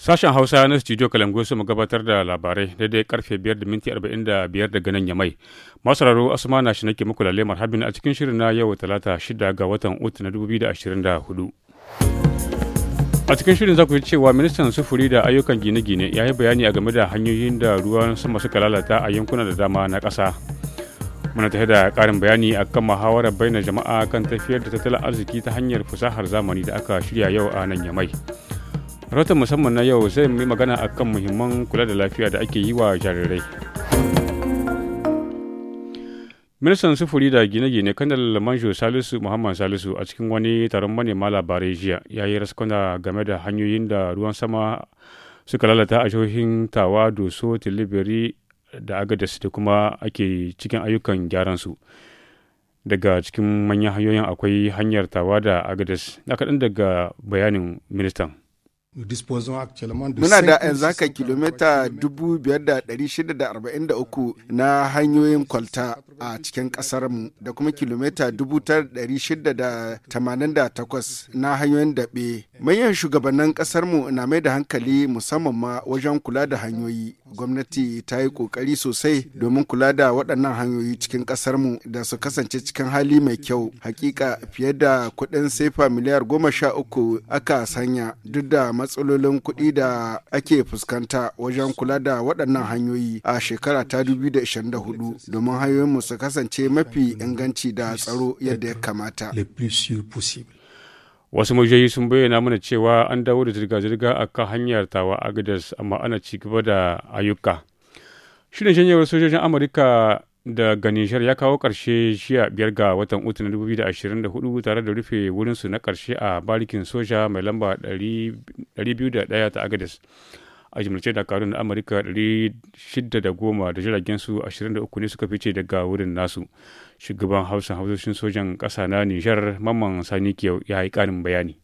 Sashen Hausa na Studio Kalangu su gabatar da labarai daidai karfe 5 da minti 45 daga nan yamai. Masararo Asma na shi nake muku lalle marhabin a cikin shirin na yau talata shida ga watan Ut na 2024. A cikin shirin za ku ji cewa ministan sufuri da ayyukan gine-gine ya yi bayani a game da hanyoyin da ruwan sama suka lalata a yankuna da dama na ƙasa. Muna tafi da karin bayani a kan muhawarar bayyana jama'a kan tafiyar da tattalin arziki ta hanyar fasahar zamani da aka shirya yau a nan yamai. rahoton musamman na yau zai yi magana a kan muhimman kula da lafiya da ake yi wa jarirai ministan sufuri da gine-gine kanal manjo salisu muhammad salisu a cikin wani taron manema labarai jiya ya yi raskwana game da hanyoyin da ruwan sama suka lalata a jihohin tawa doso tilibiri da agadas da kuma ake cikin ayyukan gyaran su daga cikin manyan hanyoyin akwai hanyar tawa da agadas na kaɗan daga bayanin ministan Muna da yanzu haka kilomita 5,643 na hanyoyin kwalta a cikin mu da kuma kilomita 6,688 na hanyoyin daɓe. Manyan shugabannin ƙasarmu na mai da hankali musamman ma wajen kula da hanyoyi. Gwamnati ta yi ƙoƙari sosai domin kula da waɗannan hanyoyi cikin ƙasarmu da su kasance cikin hali mai kyau. Hakika fiye da kuɗin sefa miliyar goma sha uku aka sanya duk da matsalolin kuɗi da ake fuskanta wajen kula da waɗannan hanyoyi a shekara ta 2024 domin hanyoyinmu su kasance mafi inganci da tsaro yadda ya kamata. wasu majiyoyi sun bayyana mana cewa an dawo da zirga-zirga a kan hanyar tawa agadas amma ana ci gaba da ayyuka shirin shanyewar sojojin amurka da Nijar ya kawo ƙarshe jiya biyar ga watan Utu na 2024 tare da rufe wurinsu na ƙarshe a barikin soja mai lamba 201 ta agades A jimlace dakarun na Amurka 610 da jiragensu 23 ne suka fice daga wurin nasu. Shugaban Hausa Hausoshin sojan ƙasa na Nijar Mamman Sani Kiyau ya yi ƙarin bayani.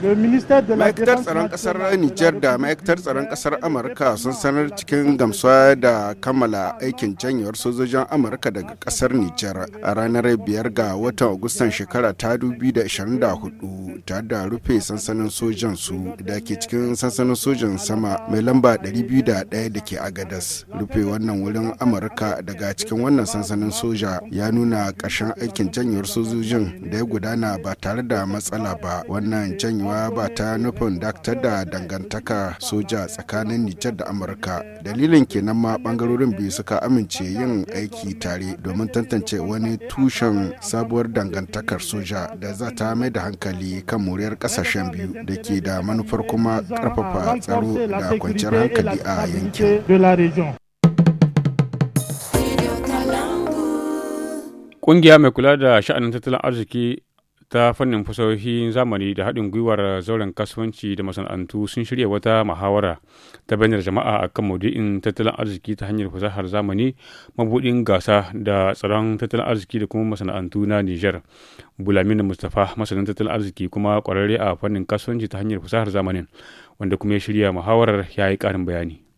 ma'aikatar tsaron kasar nijar da ma'aikatar tsaron kasar amurka sun sanar cikin gamsuwa da kammala aikin janyewar sojojin amurka daga kasar niger a ranar biyar ga watan agustan shekara ta 2024 tare da rufe sansanin sojan su da ke cikin sansanin sojan sama mai lamba 201 da ke agadas rufe wannan wurin amurka daga cikin wannan sansanin soja ya nuna ƙarshen aikin janyewar sojojin da ya gudana ba tare da matsala ba wannan janyewar amma ba ta nufin dakta da dangantaka soja tsakanin Nijar da Amurka. Dalilin kenan ma bangarorin biyu suka amince yin aiki tare domin tantance wani tushen sabuwar dangantakar soja da za ta mai da hankali kan moriyar kasashen biyu da ke da manufar kuma karfafa tsaro da kwanciyar hankali a yankin. Ƙungiya mai kula da sha'anin tattalin arziki ta fannin fasahohin zamani da haɗin gwiwar zauren kasuwanci da masana'antu sun shirya wata muhawara ta bayanar jama'a a kan maudu'in tattalin arziki ta hanyar fasahar zamani mabuɗin gasa da tsaron tattalin arziki da kuma masana'antu na Nijar. Bulamin Mustapha masanin tattalin arziki kuma ƙwararre a fannin kasuwanci ta hanyar fasahar zamanin wanda kuma ya shirya muhawarar ya yi ƙarin bayani.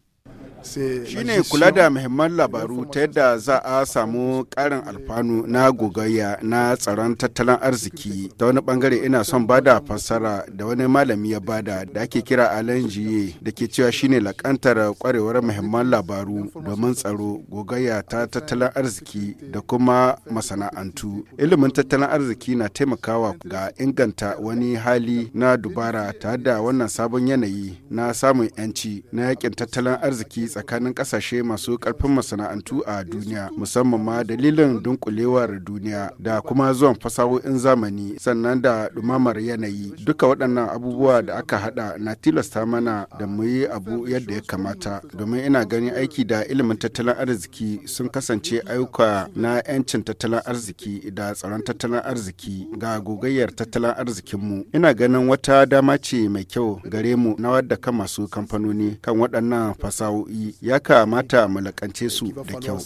shine kula da muhimman labaru ta yadda za a samu karin alfanu na gogayya na tsaron tattalin arziki ta wani bangare ina son bada fassara da wani malami ya bada da ake kira alan jiye da ke cewa shine lakantar kwarewar muhimman labaru domin tsaro gogayya ta tattalin arziki da kuma masana'antu ilimin tattalin arziki na taimakawa ga inganta wani hali na dubara tare da wannan sabon yanayi na samun yanci na yakin tattalin arziki tsakanin kasashe masu karfin masana'antu a duniya musamman ma dalilin dunkulewar duniya da kuma zuwan fasahohin zamani sannan da dumamar yanayi duka waɗannan abubuwa da aka hada na tilasta mana da mu yi abu yadda ya kamata domin ina ganin aiki da ilimin tattalin arziki sun kasance ayyuka na 'yancin tattalin arziki da tsaron tattalin arziki ga gogayyar tattalin arzikinmu ina ganin wata dama ce mai kyau gare mu na wadda kan masu kamfanoni kan waɗannan fasahohi ya kamata mu su da kyau.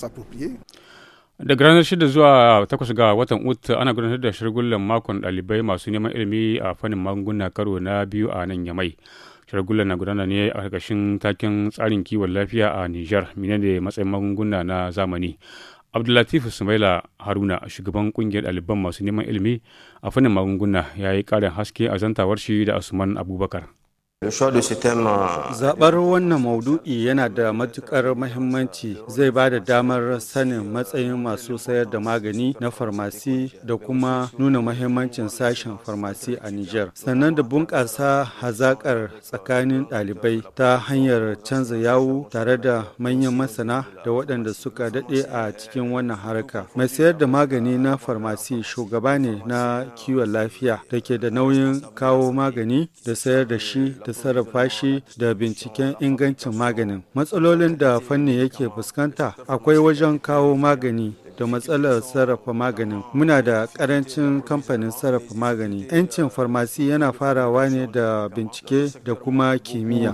daga ranar 6 zuwa takwas ga watan ut ana gudanar da shirgullan makon dalibai masu neman ilimi a fannin magunguna karo na biyu a nan yamai shirgullan na gudana ne a ƙarƙashin takin tsarin kiwon lafiya a niger menene matsayin magunguna na zamani abdullatif sumaila haruna shugaban ƙungiyar ɗaliban masu neman ilimi a fannin magunguna ya yi ƙarin haske a zantawar shi da asuman abubakar Zaɓar wannan maudu'i yana da matuƙar mahimmanci zai ba da damar sanin matsayin masu sayar da magani na farmasi da kuma nuna mahimmancin sashen farmasi a Nijar. Sannan da bunƙasa hazaƙar tsakanin ɗalibai ta hanyar canza yawu tare da manyan masana da waɗanda suka daɗe a cikin wannan harka. Mai sayar da magani na farmasi shugaba ne na kiwon lafiya da ke da nauyin kawo magani da sayar da shi da sarrafa shi da binciken ingancin maganin matsalolin da fanni yake fuskanta akwai wajen kawo magani da matsalar sarrafa maganin muna da karancin kamfanin sarrafa magani 'yancin farmasi yana farawa ne da bincike da kuma kimiyya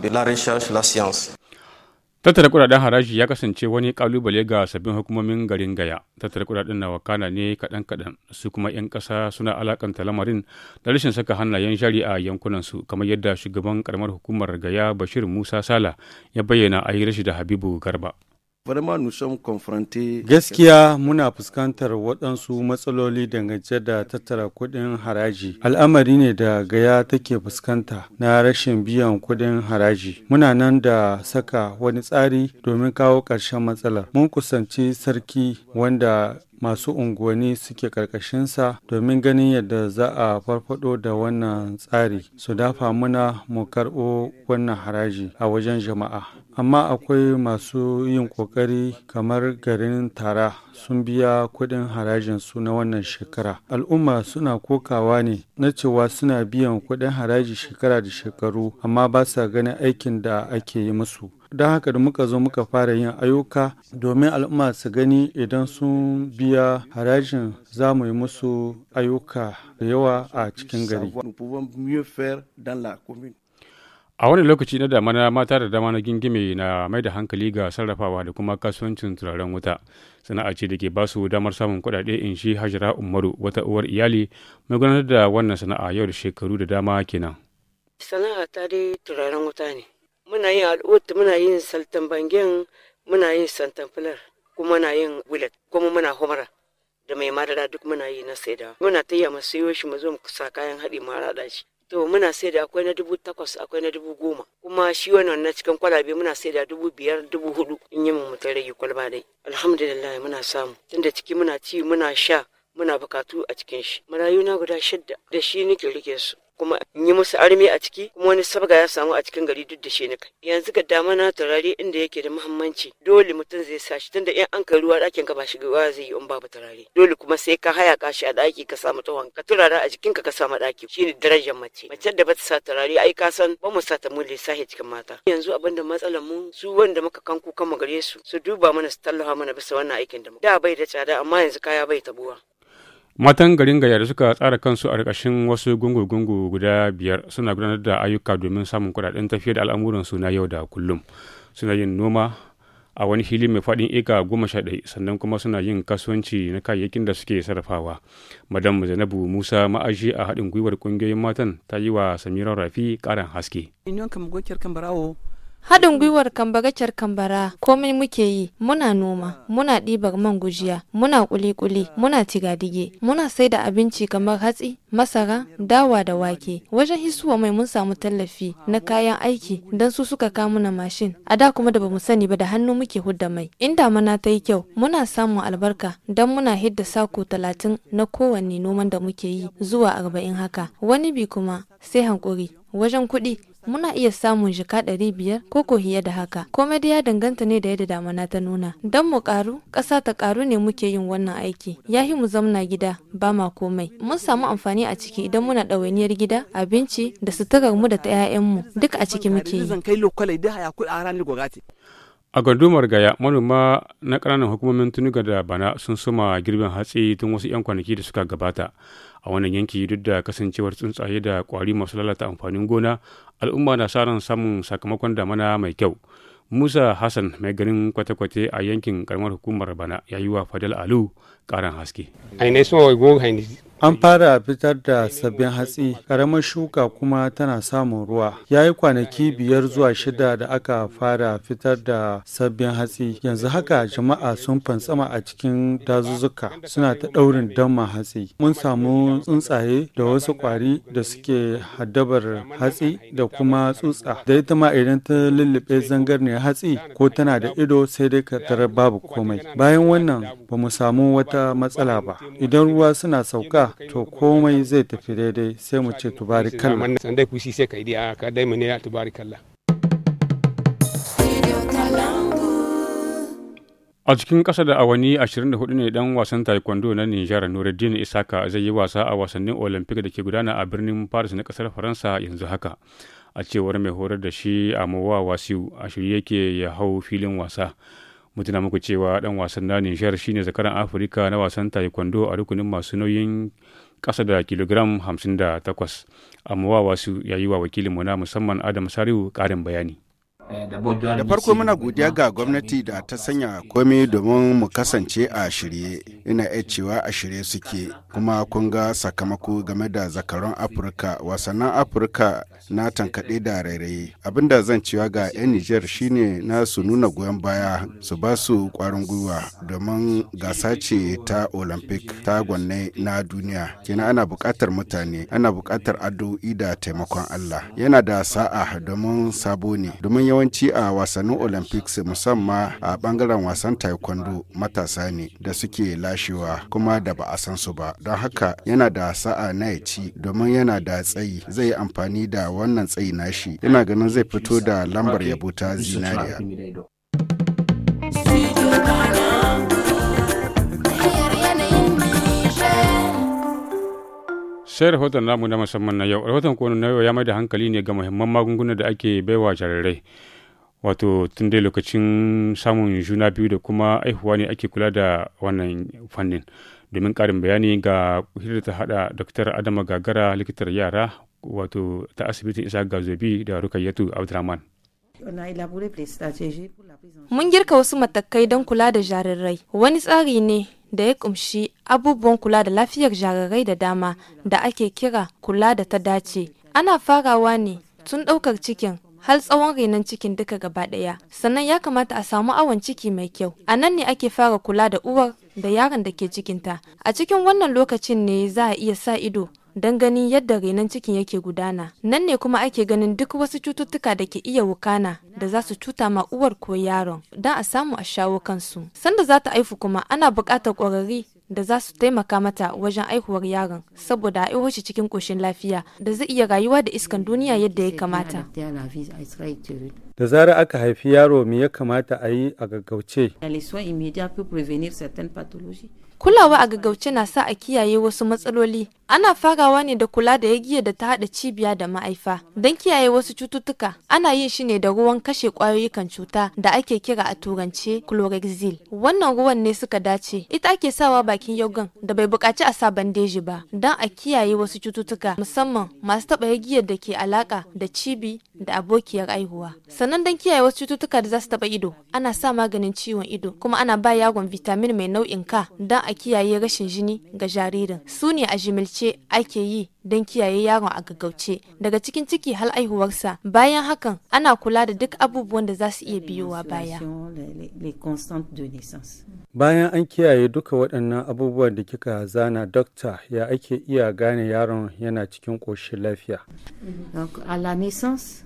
tattara kudaden haraji ya kasance wani kalubale ga sabbin hukumomin garin gaya tattara kudaden na wakana ne kaɗan kaɗan su kuma 'yan ƙasa suna alakanta lamarin da rashin saka hannayen shari a yankunan su kamar yadda shugaban karamar hukumar gaya bashir musa sala ya bayyana a yi da habibu garba Gaskiya muna fuskantar waɗansu matsaloli dangance da tattara kuɗin haraji. Al'amari ne da gaya take fuskanta na rashin biyan kuɗin haraji. Muna nan da saka wani tsari domin kawo ƙarshen matsalar. Mun kusanci sarki wanda masu unguwanni suke karkashinsa domin ganin yadda za a farfado da wannan tsari su dafa muna mu karɓo wannan haraji a wajen jama'a amma akwai masu yin ƙoƙari kamar garin tara sun biya kuɗin harajin su na wannan shekara al'umma suna kokawa ne na cewa suna biyan kuɗin haraji shekara da shekaru amma ba sa ganin aikin da ake yi musu don haka da muka zo muka fara yin ayyuka domin al'umma su gani idan sun biya harajin za mu yi musu ayyuka da yawa a cikin gari a wani lokaci na damana mata da dama na gingime na mai da hankali ga sarrafawa da kuma kasuwancin turaren wuta sana'a ce da ke ba su damar samun kuɗaɗe in shi hajara umaru wata uwar iyali mai gudanar da wannan sana'a yau da shekaru da dama kenan sana'a ta dai turaren wuta ne muna yin al'ut muna yin saltan bangen muna yin santan filar kuma muna yin wilet kuma muna homara da mai madara duk muna yi na saida muna ta yi masu siyo shi mu zo mu sa kayan haɗi mu haɗa shi to muna saida akwai na dubu takwas akwai na dubu goma kuma shi wannan na cikin kwalabe muna saida dubu biyar dubu hudu in yi mu ta rage kwalba dai alhamdulillah muna samu tunda ciki muna ci muna sha muna bukatu a cikin shi marayu na guda shidda da shi nake rike su kuma in yi musu armi a ciki kuma wani sabga ya samu a cikin gari duk da shi kai. yanzu ga dama na turare inda yake da muhimmanci dole mutum zai sa shi tunda in an kai ruwa ɗakin ka ba shi ruwa zai yi in babu turare dole kuma sai ka haya kashi a ɗaki ka samu tawon ka turara a jikin ka ka samu Shi shine darajar mace mace da bata sa turare ai ka san ba mu sa ta lissafi cikin mata yanzu abin da matsalar mu su wanda muka kan kukan mu gare su su duba mana su tallafa mana bisa wannan aikin da mu da bai da tsada amma yanzu kaya bai tabuwa Matan garin gaya da suka tsara kansu a ƙarƙashin wasu gungu-gungu guda biyar suna gudanar da ayyuka domin samun kuɗaɗen tafiya da al'amuransu na yau da kullum. Suna yin noma a wani hili mai faɗin eka goma sha ɗai sannan kuma suna yin kasuwanci na kayayyakin da suke sarrafawa. Madam Zainabu Musa ma'aji a haɗin gwiwar ƙungiyoyin matan ta yi wa Samira Rafi ƙarin haske. Inyon gokiyar kan Haɗin gwiwar kambagacar kambara komai muke yi muna noma, muna ɗibar man gujiya, muna kuli-kuli, muna tigadige, muna sai da abinci kamar hatsi, masara, dawa da wake. Wajen hisuwa mai mun samu tallafi na kayan aiki don su suka kamuna mashin. A da kuma da bamu sani ba da hannu muke hudda mai. inda mana ta yi kyau, muna samun albarka don muna hidda sako talatin na kowanne noman da muke yi zuwa arba'in haka. Wani bi kuma sai hankuri wajen kuɗi muna iya samun jika ɗari biyar ko ko da haka komai dai ya danganta ne da yadda damana ta nuna don mu ƙaru ƙasa ta karu ne muke yin wannan aiki ya yahi mu zamna gida ba ma komai mun samu amfani a ciki idan muna ɗawainiyar gida abinci da suturar mu da ta 'ya'yanmu duk a ciki muke yi a gardumar gaya manoma na ƙananan hukumomin tunuga da bana sun suma girbin hatsi tun wasu 'yan kwanaki da suka gabata a wannan yanki duk da kasancewar tsuntsaye da kwari masu lalata amfanin gona al'umma na sa samun sakamakon damana mai kyau musa hassan mai ganin kwate-kwate a yankin karamar hukumar bana ya yi wa fadal alu karan haske An fara fitar da sabbin hatsi, ƙaramar shuka kuma tana samun ruwa. Ya yi kwanaki biyar zuwa shida da aka fara fitar da sabbin hatsi. Yanzu haka jama'a sun fantsama a cikin dazuzzuka suna ta ɗaurin damma hatsi. Mun samu tsuntsaye da wasu ƙwari da suke haddabar hatsi da kuma tsutsa. Da ita ma idan ta lullube zangar ne hatsi ko tana da ido sai dai ka tarar babu komai. Bayan wannan ba mu samu wata matsala ba. Idan ruwa suna sauka to komai zai tafi daidai sai mu ce kalla. A cikin kasa da awanni 24 ne dan wasan taekwondo na Nijar Nuruddin Isaka zai yi wasa a wasannin Olympic da ke gudana a birnin Paris na kasar Faransa yanzu haka. A cewar mai horar da shi a Mawa Wasiu a shirye yake ya hau filin wasa. mutuna muku cewa dan wasan na nishar shine zakaran afirka na wasan taekwondo a rukunin masu nauyin kasa da kilogram 58 amma wasu yayi wa mu na musamman adam sariu karin bayani Eh, da farko muna godiya ga gwamnati da ta sanya komai domin mu kasance a shirye. Ina iya cewa a shirye suke kuma kun ga sakamako game da zakaron Afirka wasannin Afirka na tankaɗe da rairaye. Abinda zan cewa ga 'yan Nijar shine na su nuna goyon baya su ba su ƙwarin gwiwa domin gasa ce ta Olympic ta gwanne na duniya. Kenan ana buƙatar mutane, ana buƙatar addu'o'i da taimakon Allah. Yana da sa'a domin sabo ne, domin yawan yawanci a wasannin olympics musamman a bangaren wasan taekwondo matasa ne da suke lashewa kuma da ba a san su ba don haka yana da sa'a na ya ci domin yana da tsayi zai yi amfani da wannan tsayi nashi yana ganin zai fito da lambar yabo ta zinariya sai rahoton namu na musamman na yau rahoton kowanne na yau ya mai da hankali ne ga muhimman magunguna da ake baiwa jarirai wato tun dai lokacin samun juna biyu da kuma aihuwa ne ake kula da wannan fannin domin karin bayani ga hidda ta hada dr adama gagara likitar yara wato ta asibitin isa gazobi da rukayyatu abdulrahman Mun girka wasu matakai don kula da jarirai. Wani tsari ne da ya kumshi abubuwan kula da lafiyar jarirai da dama da ake kira kula da ta dace. Ana farawa ne tun ɗaukar cikin har tsawon renon cikin duka gaba ɗaya sannan ya kamata a samu awon ciki mai kyau a nan ne ake fara kula da uwar da yaron da ke cikinta a cikin wannan lokacin ne za a iya sa ido don ganin yadda renon cikin yake gudana nan ne kuma ake ganin duk wasu cututtuka da ke iya wukana da za su cuta ma uwar ko yaron don a samu a shawo kansu sanda za ta aifu kuma ana buƙatar ƙwararri da za su taimaka mata wajen aihuwar yaron saboda a shi cikin ƙoshin lafiya da zai iya rayuwa da iskan duniya yadda ya kamata. Da zarar aka haifi yaro me ya kamata a yi a gaggauce. Kulawa a gaggauce na sa a kiyaye wasu matsaloli Ana farawa ne da kula da yagiya da ta haɗa cibiya da ma'aifa. Don kiyaye wasu cututtuka, ana yin shi ne da ruwan kashe ƙwayoyikan cuta da ake kira a turance chlorhexidine. Wannan ruwan ne suka dace, ita ake sawa bakin yogan da bai bukaci a sa bandeji ba, don a kiyaye wasu cututtuka musamman masu taɓa yagiyar da ke alaƙa da cibi da abokiyar aihuwa. Sannan don kiyaye wasu cututtuka da za su taɓa ido, ana sa maganin ciwon ido, kuma ana ba yaron vitamin mai nau'in ka don a kiyaye rashin jini ga jaririn. Su ne a jimilci ce ake yi don kiyaye yaron a gaggauce daga cikin ciki hal aihuwarsa bayan hakan ana kula da duk abubuwan da za su iya biyowa baya bayan an kiyaye duka waɗannan abubuwan da kika zana dokta ya ake iya gane yaron yana cikin ƙoshin lafiya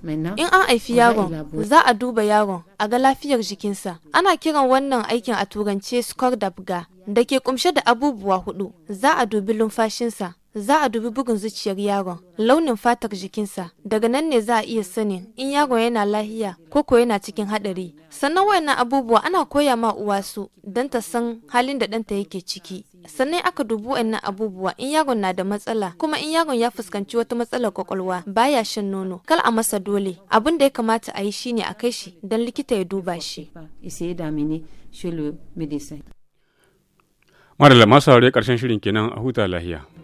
in an haifi yaron za a duba yaron a ga lafiyar jikinsa ana kiran wannan aikin a turance skor da da ke kumshe da abubuwa hudu za a dubi lumfashinsa za a dubi bugun zuciyar yaron, launin fatar jikinsa, daga nan ne za a iya sanin in yaron yana lahiya ko ko yana cikin haɗari. Sannan wayannan abubuwa ana koya ma uwa su don ta san halin da ɗanta yake ciki. Sannan aka dubi wayannan abubuwa in yaron na da matsala kuma in yaron ya fuskanci wata matsalar kwakwalwa baya shan nono kal a masa dole abin da ya kamata a yi shine a kai shi don likita ya duba shi. Madalla masu haure ƙarshen shirin kenan a huta lahiya.